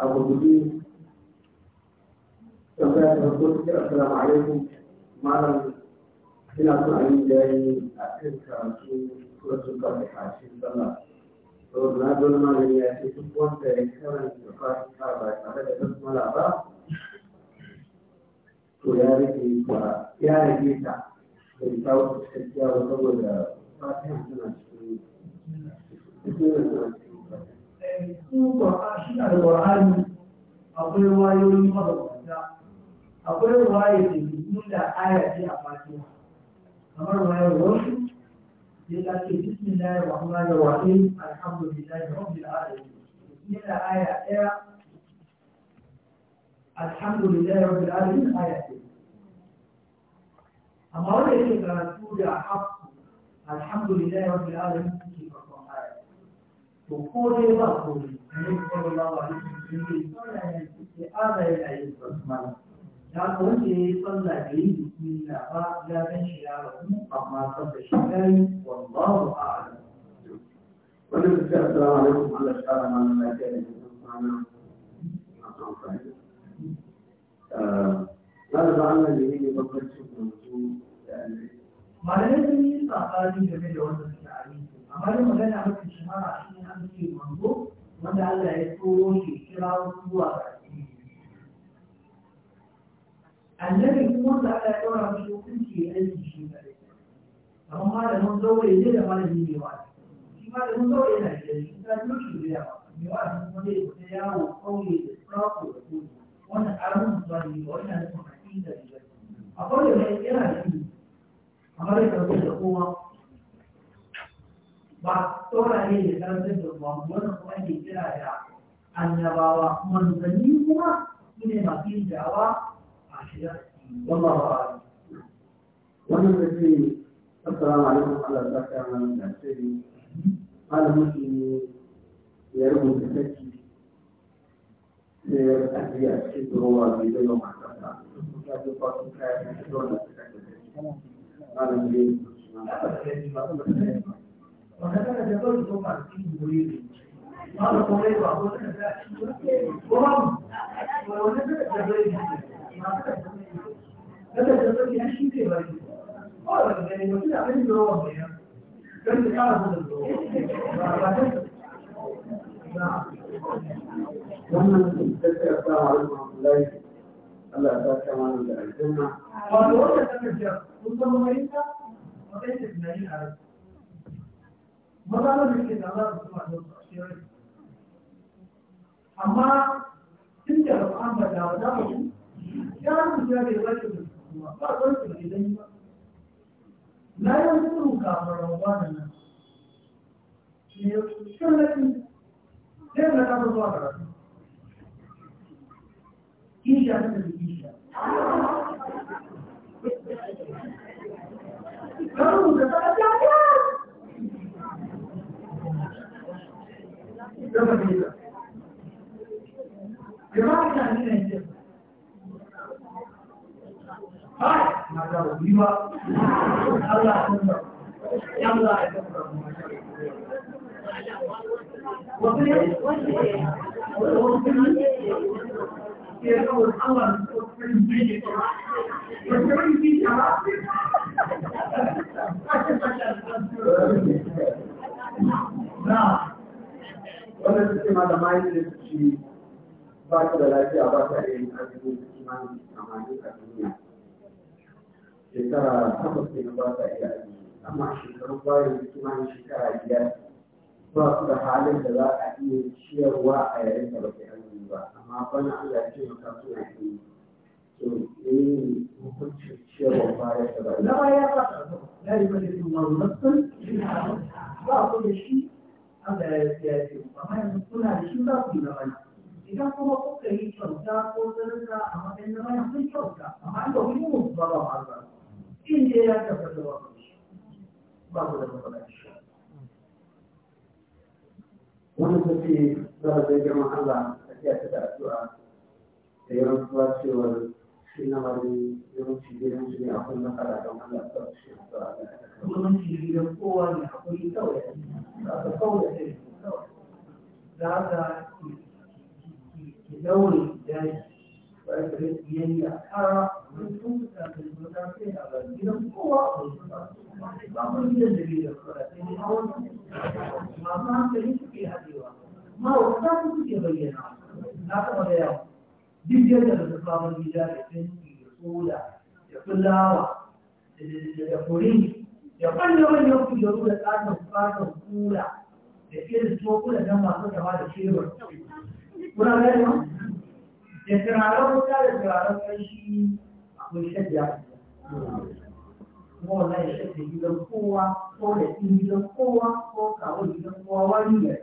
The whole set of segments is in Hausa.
أبو جديد tambaya ta farko cikin assalamu alaikum malam ina son a yi bayani a kan karatu suratun fatiha cikin sallah saboda na zo na malami ya ce duk wanda ya karanta fatiha ba tare da basmala ba to ya rage ta ya rage ta bai kawo cikakkiya saboda fatiha tana cikin su shi da alƙur'ani akwai wayoyi mabambanta akwai waye da nuna aya ce a fatiha kamar wayar wasu sai ka ce bismillahir rahmanir rahim alhamdulillahi rabbil alamin yana aya ɗaya alhamdulillahi rabbil alamin aya ɗaya amma wanda yake karatu da hafu alhamdulillahi rabbil alamin ke farko to ko dai ba ko ne sallallahu alaihi wasallam sallah ya ce ana yana yin basmala ya ka wanda ya yi sallah da yi bismillah ba ya gan shi ya rabu amma sallah shi ya yi wallahu a'lam wanda ta ce assalamu alaikum Allah ya kara mana lafiya da kuma masu amfani na da ba Allah ne ne babbar cin mutu da malamai sun yi tsakani game da wannan amma magana mafi shahara shi ne an ce wanda Allah ya tsoro shi kira zuwa ga annabi kuma wanda Allah ya tsora mashi hukunci ya aiki shi kare amma malamin zaure ne da malamin ne wa shi malamin zaure yana da shi ta yi shi da yawa mai wa sun kuma zai fita yawo kauye da tsako da kudu wannan arun zuwa ne ba wannan nufin aƙida da akwai da mai yana da shi amma da karfi da kowa ba tsoraye da ƙarfin da ba wani kuma ke kira da annabawa manzanni kuma su ne masu yin dawa a shiga wannan ba wannan da ce assalamu alaikum Allah ya saka mana da sai malamin shi ne ya rubuta saki sai ya ajiye a cikin durowa bai zai yi matasa ya ce su kayan da shi dole a cikin da su malamin da ya rubuta shi وكذلك جبل الجمعة في مريد هذا قريب أقول لك wannan tattara ta halittar lai Allah ta kama da aljanna. wanda ta gajiya, kun san mamayinta? Matsayin da tunanin a rasu. maza na da da za su suna da su a amma tun da ba an bada ba ya su ya da zai da kuma ba zan su da idan ba na yi wasu turu rawa da nan ne kan zai na zuwa karatu kisha ta da kisha kan rubuta ta gaba ne ba. Gaba ta ne na yi Hai, na gaba ni ba, Allah ba, Allah ba. Wasu ne? Allah ba. Wasu ne? Wasu wannan su ce ma da mahaifiyar su ci ba ta da lafiya ba ta da yin azumi da kimanin tamanin a duniya shekara takwas ne ba ta iya yi, amma shekarun bayan kimanin shekara biyar ba su da halin da za a iya ciyarwa a yayin da ba ta azumi ba amma bana Allah ya ce maka suna yi to eh hukuncin ciyarwa baya ta ba na ya ba ya yi mana yin marulatsun ba ku da shi Allah ya ya ce amma yanzu kuna da idan kuma kuka ko zarta a matsayin na mana sun kyauta amma an ba ku yi mu ba ba ma shi na bari ne ta da aka yawanci kowa ne akwai kawai da aka kawai da ki daure daji ba ka yi a kara gidan kowa a wani ba gidan da bai da a wani ma yi haɗewa wata suke bayyana na taɓa da yawa duk yadda da su samun gida da fenti da soda da fulawa da kuri da wanda wanda ku da ruwa tsakan tsakan kula da ke da tokula don masu gaba da shebur kuna gani ma da turaren wuta da turaren kanshi akwai shadda kuma wannan wallahi shadda gidan kowa ko da gidan kowa ko kawo gidan kowa wani ne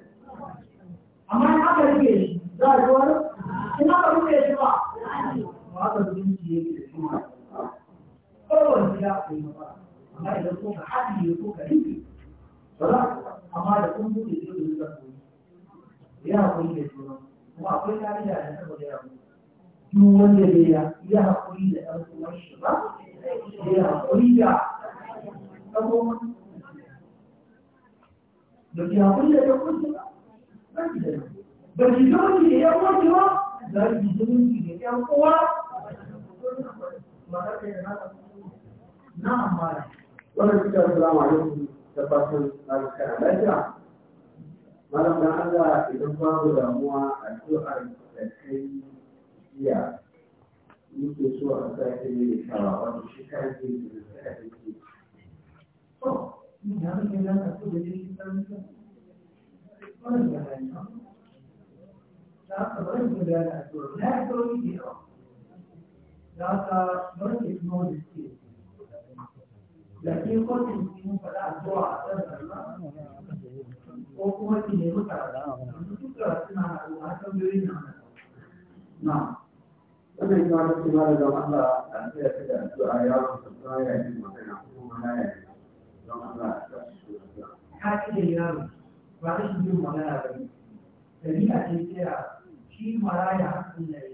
amma aka rike shi za a ji wani ina ka rufe shi ba ba haka da shi gida amma idan ko ka ko ka amma da da kuma akwai da wanda ya da shi ba ya da da ba ki ba ki ki da yan uwanki ba za ki zumunci da yan uwa na'am ba wannan cikin assalamu alaikum tabbatar na kana lafiya malam dan Allah idan babu damuwa a zuwa da kai jiya yake so a sake ne da shawa wato shi kan ke da sake ke to ni da nake nan a cikin wannan da da haka ba zan guda da addu'a na ya sauri da yawa da haka ba zan yi kuma wanda suke da ke kotun su mun faɗa addu'a a kan rana ko kuma ki nemi karatu duka suna haɗuwa tambayoyin nan na wannan yi wani kuma da zama Allah a tsaya ta da addu'a ya wasu tsaya ya yi magana kuma na ya yi don Allah a tsaya ta da yaro ba rashin yin magana ba ne dalila ce tsira shi maraya hakan da ya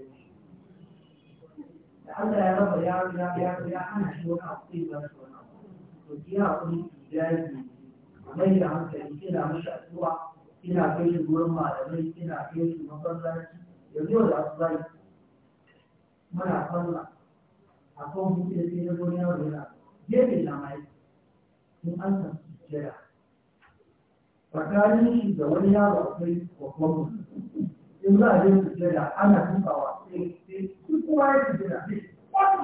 da Allah ya raba ya ya ya ya ana shi wani abu zai ba shi wani abu to ki ya kuni ki jaji mai da hankali ina mashi addu'a ina kai shi gurin malamai ina kai shi masallaci yanzu da su zai muna sallah a kan hukumar sai na gurin yawon yana gefe na mai in an san jira tsakanin shi da wani yaro akwai babban mutum in za a je sujada ana dukawa sai eh, eh, kuma ya sujada eh, sai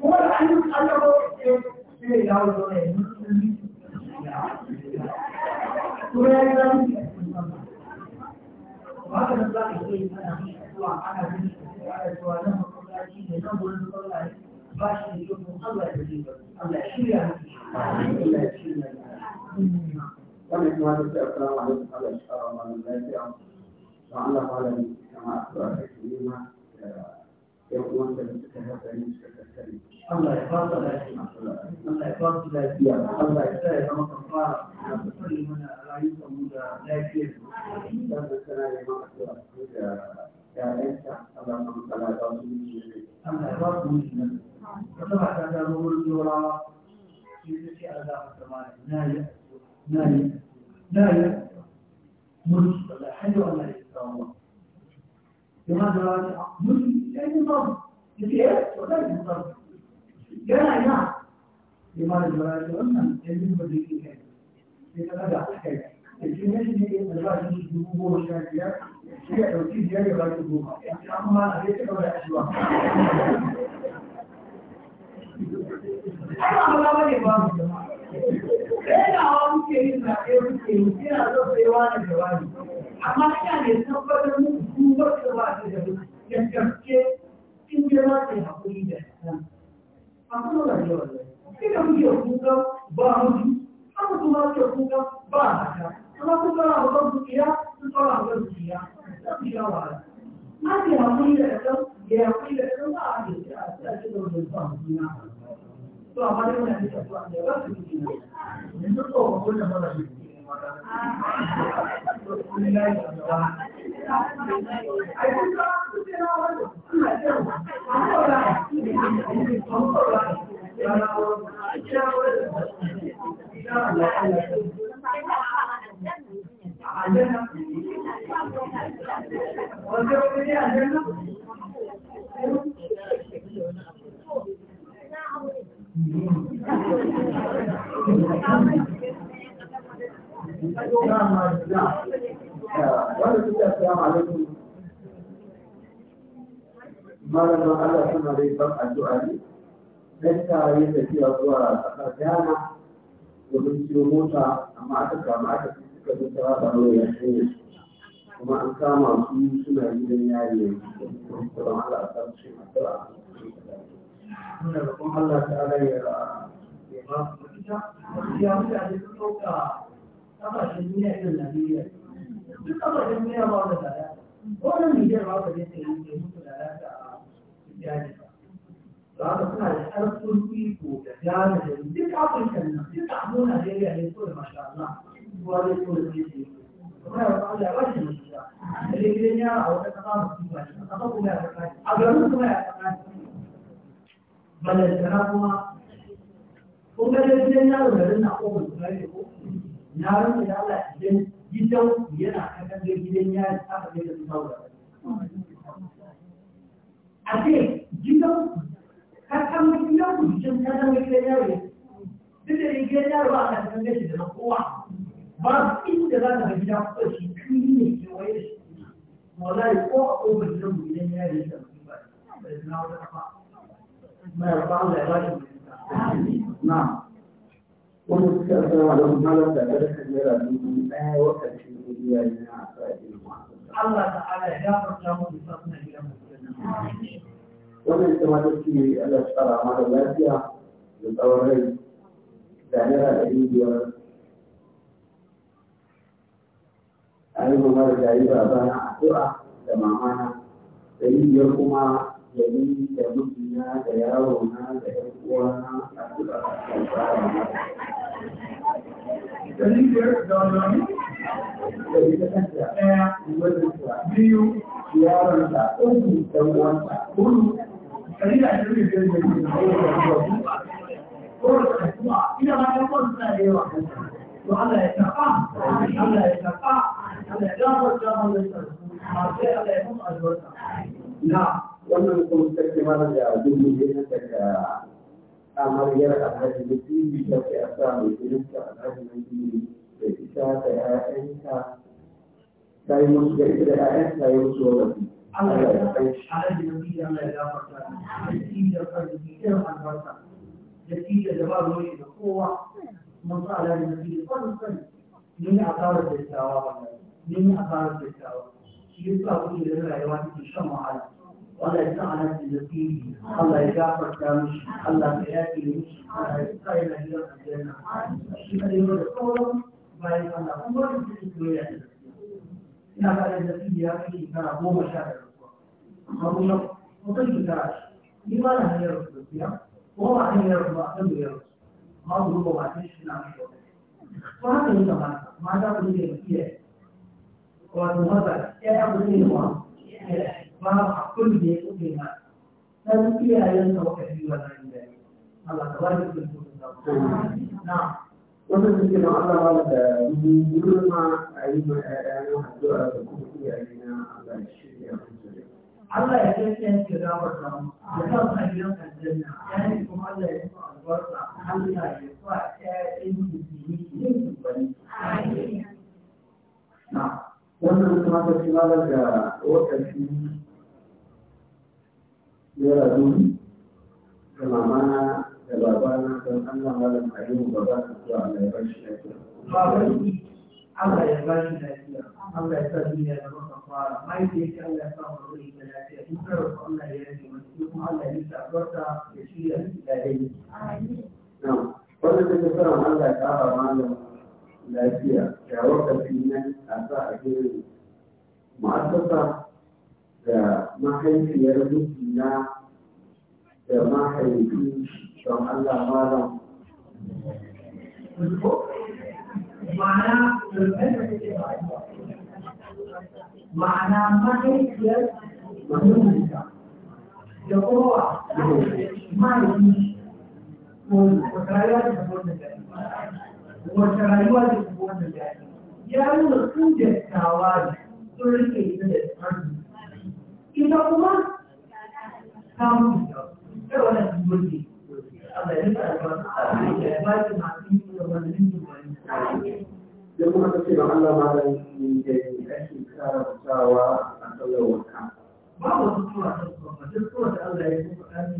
kuma da an yi allaba sai sai ya dawo zuwa ya musulmi kuma ya yi zafi ba ka da za ka ce ana mishi zuwa ana mishi zuwa ana zuwa nan masallaci ne nan wurin sallaci ba shi da kyau mun Allah ya ji ba Allah shirya Allah shirya wannan kuma ta ce assalamu alaikum Allah shi fara mana lafiya don Allah malami kama a tura kai nema da yan uwan da suka haɗa ni suka tattare Allah ya ba su lafiya Allah ya ba su lafiya Allah ya sa ya zama kafara na tattare mana rayuwar mu da lafiyar mu sannan tana neman a tura da ya'yanta Allah ya ba su lafiya Allah ya ba su lafiya أخلاق الزمان لا يأس لا يأس لا يأس ملك ولا حي ولا إكرام لماذا ملك يعني ضرب الذي يأس ولا يضرب جاء نعم لماذا لا يتعلم علم بدينه يتبدع الحكاية الجنة الراجل الجمهور والشافعية هي توكيد yana wa muke yin zaɓe muke yi yana zo sai wani da wani amma ina ne tabbatar muku su wata ba su da gaske in je za su yi haƙuri da ita a kuma zaɓe wannan ina muke kuka ba mutu haka kuma muke kuka ba haka kuma haƙuri da haƙuri da ba da wajen to amma dai muna da su an wanda malamin Allah suna dai ban addu'a ne dan tare da cewa zuwa kasar Ghana domin siyo mota amma aka kama aka fi suka zo ta ya shanya kuma an kama su suna gidan yari ne kuma Allah a san shi addu'a Allah ta'ala ya ba su cuta ya mutane sun ɗauka ƙasashen duniya irin duk ba wanda ba yi da a Tijjani ba ba suna da ƙarfin da nan abu da Allah da ya ba ba da yara a wata ƙasa mutum ba shi a ƙasa kuma ya ya kuma kun ga dai gidan yaro da rinna ko ban kula ne ko na rinna da Allah idan gidan yana kakan da gidan yaro aka da su ba a ce gidan kakan da gidan ku gidan kakan da gidan yaro duk da gidan yaro ba a kakan da shi da kowa ba inda za ka ga gidan ko shi kan ne ke waye shi wallahi ko a ko ban gidan mu gidan yaro da ba da na wata ba mai ba Allah ya ba shi نعم ومن كذا ولم على ذلك المراد من لا وكل شيء يعني الله تعالى يغفر له بفضله الى مسلمين ومن كما تشكي الاشقر على الافيه للطورين دعنا الايديا أيضا مرة جايبة أبانا عقوة لما معنا دليل يركما gani da mijina da yarona da ‘yan uwana a duka tsara Dari biyar da wani dari da kanta ɗaya wajensa biyu yaronsa uku da uwansa hudu dari da ashirin da biyar da ke da uwansa kowace kasuwa ina ba ɗan uwansa na da yawa to Allah ya taɓa Allah ya taɓa Allah ya damar damar da sarki ma sai Allah ya kuma albarka na wannan kuma take mana da dubu ne na daga amaryar alhaji da tibi ta ce a sa mai jininta alhaji na tibi da ita da ‘ya'yanta ta yi musu da ita da ‘ya'yanta ta yi da Allah ya kai shi. Alhaji na tibi Allah ya gafarta, da tibi da arziki irin albarka, da tibi da jama'a zoye da kowa, mun sa alhaji na tibi kwan sani, ni a tsara da tawa wannan, ni a tsara da tawa, shi yasa kuke da rayuwa take shan wahala. ولا يتعلم بالتي الله يجعفر كامش الله يأتي لمش الله يتعلم إلى الجنة الشيء اللي يقول بعد الله هو الذي يأتي يا بعد الذي يأتي كان هو مشاعر هو مطيب كراش لماذا هي رسول الله وهو عين يرضى أم يرضى ما هو عين شنو فهذا هو ماذا ماذا تريد أن تقول؟ وهذا يا أبو Ba abin da ya kuɗe na dan iyayen sa waka ji wannan ne. Allah ta bani da su na wannan suke na Allah ba da gurma a yi ma ƴaƴan addu'a da kuma iyaye na Allah shirya Allah ya kai sai ki da mu da kan ajiyar Ya yayin kuma Allah ya yi albarka Allah ya sa ƴaƴan ki yi yin bari amin na wannan kuma ta ci da wata shi Yana dubu da mamana da babana don Allah malam a yau ba za su zuwa mai ya bashi lafiya. Babanki Allah ya bashi lafiya, Allah ya sa duniya da maka fara, mahaifiyarki Allah ya sa wani da lafiya, in sarrafa Allah ya yi rage masu kuma Allah ya yi barka da shirya da dai. Wanda ta ke sauran Allah ya kara malam lafiya, da wakafin nan a sa a girin ma'asasa da mahaifiyar mijina da mahaifi don Allah malam. Ma'ana ma'ana mahaifiyar mahimmanka da kowa mahaifi wata rayuwa da kuma wanda daɗi wata rayuwa da kuma ya nuna sun jattawa sun rike da tsarin Kita kuma kamu da wannan mulki ya da ba Allah ma da da ake a ba tuwa kuma duk da Allah ya kuma za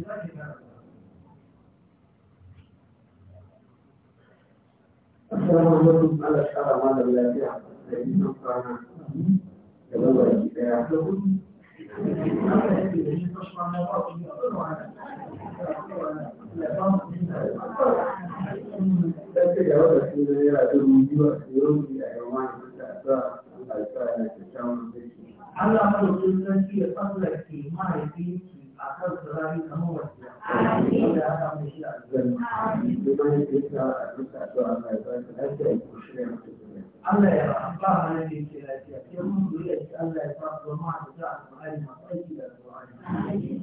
alaikum Allah lafiya da kwana da Allah madaukin sarki ya tsallake mahaifinki a kan tsirari na mawasiya. Amin. Da aka mashi a zan. Amin. Da mahaifinka a duka zuwa mai zan da ake yi ko shirya mutum. Allah ya ba mu ne ke lafiya sai mun dole shi Allah ya ba mu ma da za a Qur'ani ma aiki da Qur'ani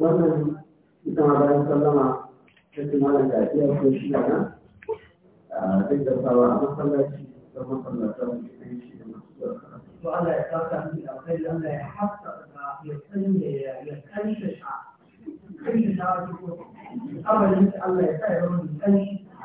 wannan ita ma bayan sallama ta kuma da lafiya ko shi na a duk da sawa a masallaci da masallatan da shi da masu to Allah ya saka mu da kai Allah ya haska da ya sanya ya ya kanshi sha kanshi sha ko abin da Allah ya sa ya rubuta kanshi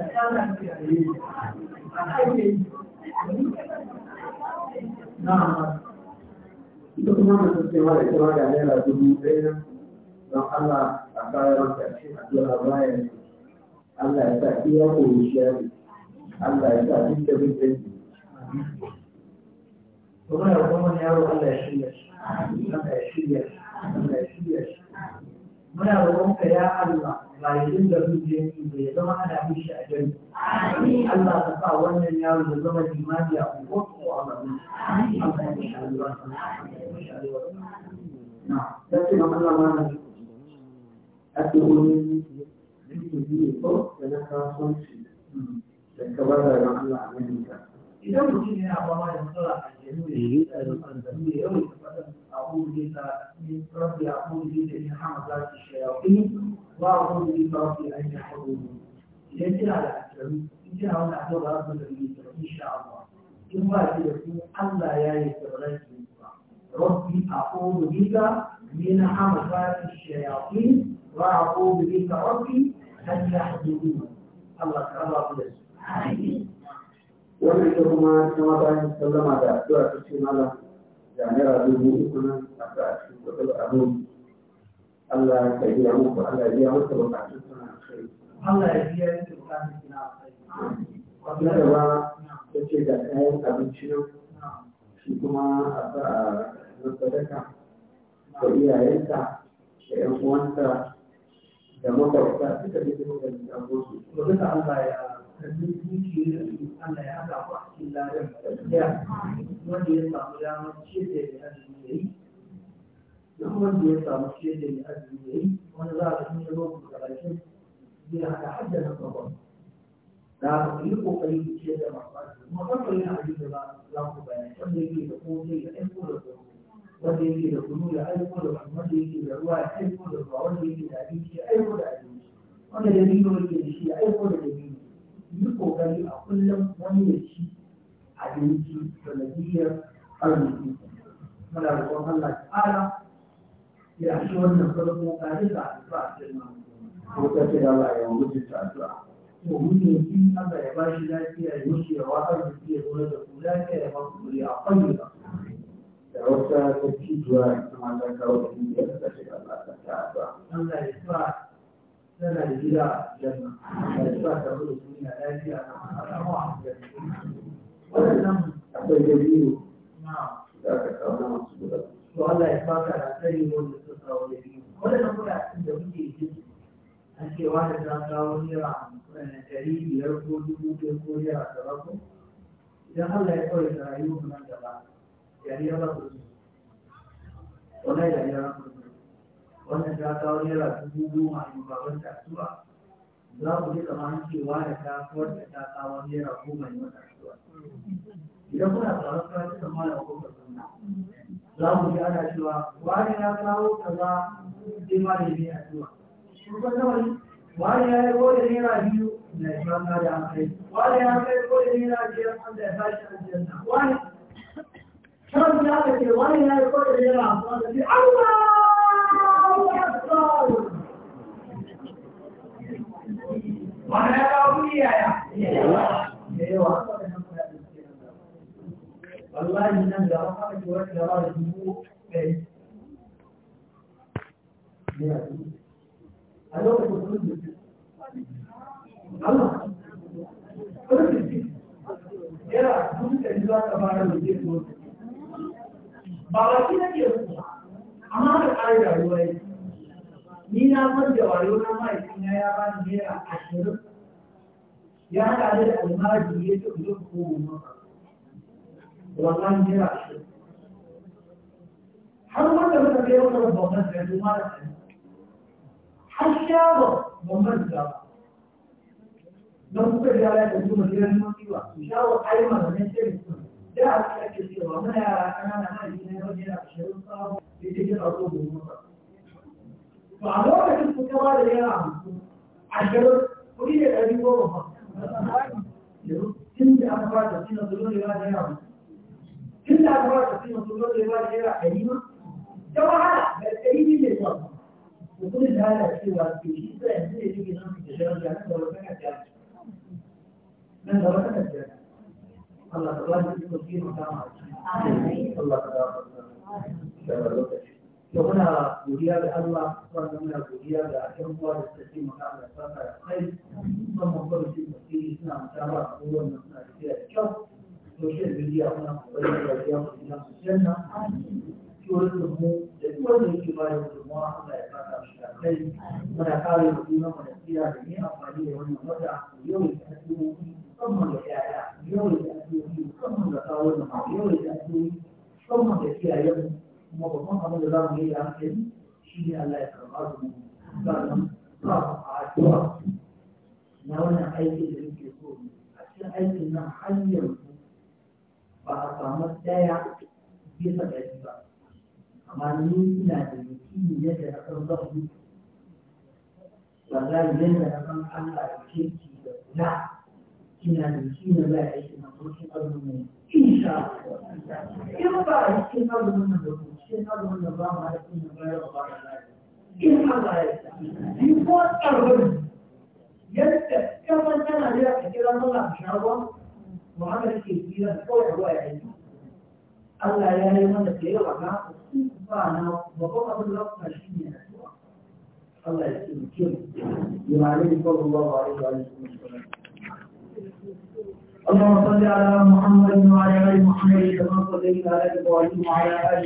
ita kuma da suke mara ita da naira dubu ɗaya don Allah a bayan ƙarshe a zuwa bayan Allah ya sa iya koyi shari Allah ya sa duk da duk ɗaya kuma ya kuma yaro Allah ya shirya shi Allah ya shirya shi Allah ya shirya shi muna roƙonka ya Allah rayuwar da zuciyar su ya zama ana mishi a jami. Allah ka sa wannan yaro da zama limani a unguwar ko a bari. Allah ya Na, ta ce ma Allah ma na ake wani jiki biyu ko da na kasuwanci da ka bar da Allah a nan idan mutum yana fama da matsala a jami'u da shi da zanzanu da yau da fatan a ƙungiyar da ni rabbi a ƙungiyar da ni hama za su shayafi ba a ƙungiyar da rabbi a yi haɗu idan kina da asirin in kina wani abu da za su zanyi da insha Allah in ba ki da su Allah ya yi tsibirai su ba rabbi a ƙungiyar ni na hama za su shayafi ba a ƙungiyar da rabbi an yi haɗu Allah ka ba ku da su. wannan ita kuma ta ma bayan sallama da addu'a ta ce malam da naira dubu uku nan a ta cikin kudin abin Allah ya biya muku Allah ya biya muku bukatun suna kai Allah ya biya muku bukatun suna kai wasu da ta ce da kayan abinci nan shi kuma a sa na sadaka da iyayenta da ƴan uwanta da makwabta duka da duka da abubuwa kuma duka Allah ya sannan dukiyar su Allah ya haɗa ku a cikin ladan ɗaya wanda ya samu damar ce da ya azumi ya yi duk wanda ya samu ce da ya azumi ya yi wani za a ga shi ba ku karatun zai haɗa hadda na babban da ku yi kokari ku ce da masu azumi musamman yana abin da za ku bayani wanda yake da ko zai ya aiko da ko wanda yake da kunu ya aiko da kunu wanda yake da ruwa ya aiko da ruwa wanda yake da abinci ya aiko da abinci wanda da biyu yake da shi ya aiko da biyu yi kokari a kullum wani ya ci abinci da lafiyar arziki muna roƙon Allah ta'ala ya shi wannan farko ka rika addu'a cikin nan ko ta ce Allah ya wuce ta addu'a to mun ne shi Allah ya bashi lafiya ya wuce ya wa arziki ya kula da ku lafiya ya ba ku a fayyuka da wata ta ci zuwa ita ma ta kawo da inda ta ce Allah ta addu'a Allah ya sa yana da gida a aljanna da ya sa ta da duniya lafiya da al'amma a waɗannan akwai da biyu na da aka kawo masu guda to Allah ya baka da sani wanda suka kawo da biyu waɗannan kuɗaɗen da muke ji a cewa da ta kawo naira ɗari biyar ko dubu ɗaya ko naira talatin idan Allah ya kawai da rayuwar nan gaba yariyar za ku zo wallahi yariyar za ku wannan ta kawo naira dubu goma ne baban kasuwa za ku ji kamar cewa da kasuwar da ta kawo naira goma ne wata kasuwa idan kuna tsaron kasuwa kamar da kuma suna za mu ji ana cewa wani ya kawo kaza sai ma ne ne a cewa kuma kawai wani ya yi kawai naira biyu na ya fara da an kai wani ya kai kawai naira biyar wanda ya tashi a janna wani shan da aka ce wani ya yi kawai naira hamsin wanda sai Allah goma wallahi yana shi har wanda muka kai wata babban da ya da kai har shago babban da don kuka ji ala da su mu gidan mun kiwa shago ai ma ne ce da a cikin ake cewa muna yara kanana na yi ne wajen da shirin sawo da ke ba to a lokacin kuka ba da yara a ashirin kuɗi da ɗari goma ba يروح كل أفراد فينا ضروري واحد هنا كل أفراد فينا ضروري واحد هنا كريمة جواهرة الكريمة اللي صار وكل هذا سوى في شيء يمكن يجي في نفس التجارة يعني لو كان الله تبارك وتعالى الله تبارك وتعالى da muna godiya da Allah sannan muna godiya da ƴan uwa da suka taimaka da saka da kai musamman kwamitin da ke suna mutara a abubuwan da suna tafiya da kyau social media muna kokarin da ya ku ina su janna tourism mu da duk wanda yake ba da gudunmawa Allah ya saka shi da kai muna kare mu juna mu da da ni amfani da wannan wata yau da asibi musamman da yaya yau da asibi musamman da kawo da yau da asibi musamman da iyayen mu kuma babban abin da za mu yi da hankali shi ne Allah ya karɓa su sannan za mu addu'a na wannan aiki da muke so a cikin aikin nan hanyar ba a samu ɗaya bisa ɗari ba amma ni ina da yakini yadda na san zan mutu wallahi yadda na san Allah ya kirki da kula ina da yakinin za a aikin na kuma cikin azumin insha Allah in ba a cikin azumin nan da kuma cikin azumin da ba mu haifin da bayar wa ba da lafiya. In Allah ya sa, yi ko tsarbin yadda kamar tana jira a kira mana a shagon Muhammad ke kira kawai ruwa ya yi. Allah ya yi mana da yawa na ba na babban abin da kuma shi ne rasuwa. Allah ya ce mutum ya mali da kawai ruwa ba ya yi اللهم صل على محمد وعلى ال محمد كما صليت على ابراهيم وعلى ال